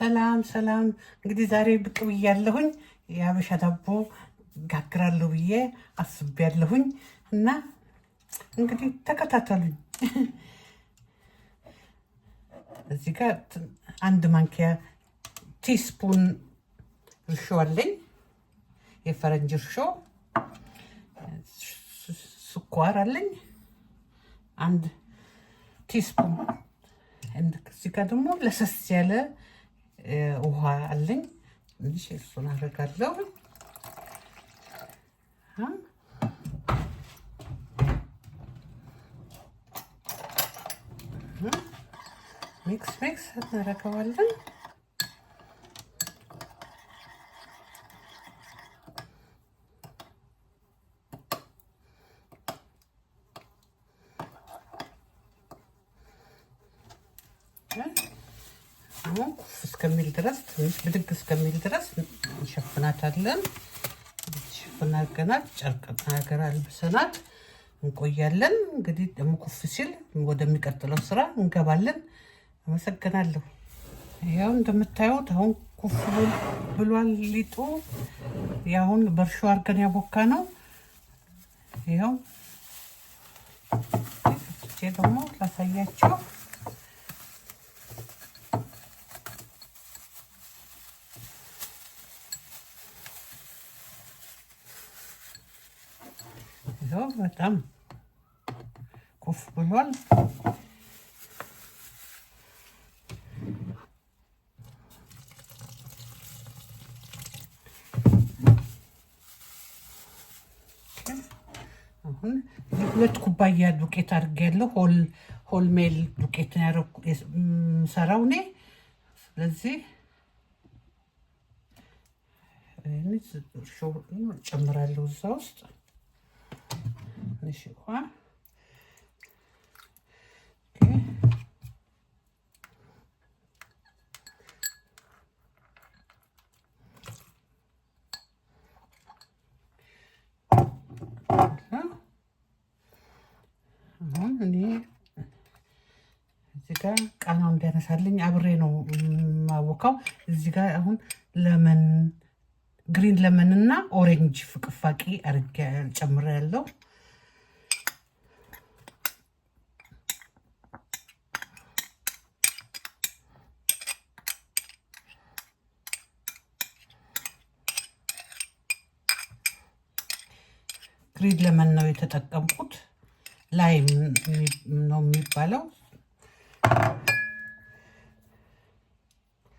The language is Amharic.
ሰላም ሰላም። እንግዲህ ዛሬ ብቅ ብያለሁኝ። የአበሻ ዳቦ ጋግራለሁ ብዬ አስቤያለሁኝ እና እንግዲህ ተከታተሉኝ። እዚህ ጋር አንድ ማንኪያ ቲስፑን እርሾ አለኝ፣ የፈረንጅ እርሾ። ስኳር አለኝ አንድ ቲስፑን። እዚህ ጋር ደግሞ ለሰስ ያለ ውሃ አለኝ ትንሽ እሱን አደርጋለሁ። ሚክስ ሚክስ እናደርገዋለን። አሁን ኩፍ እስከሚል ድረስ ትንሽ ብድግ እስከሚል ድረስ እንሸፍናታለን። ሽፍን አድርገናት ጨርቅ ሀገር አልብሰናት እንቆያለን። እንግዲህ ደግሞ ኩፍ ሲል ወደሚቀጥለው ስራ እንገባለን። አመሰግናለሁ። ያው እንደምታዩት አሁን ኩፍ ብሏል ሊጡ። ያሁን በእርሾ አድርገን ያቦካ ነው። ይኸው ደግሞ ላሳያቸው Добре, በጣም ኩፍ ብሏል። ሁለት ኩባያ ዱቄት አድርጌያለሁ። ሜል ዱቄት የምሰራው እኔ። ስለዚህ ጨምራለሁ እዛ ውስጥ 넷이 화 ቃናው እንዲያነሳልኝ አብሬ ነው የማቦካው። እዚህ ጋር አሁን ለመን ግሪን ለመን እና ኦሬንጅ ፍቅፋቂ አድርጌ ጨምሬ ያለው ግሪድ ለመን ነው የተጠቀምኩት። ላይም ነው የሚባለው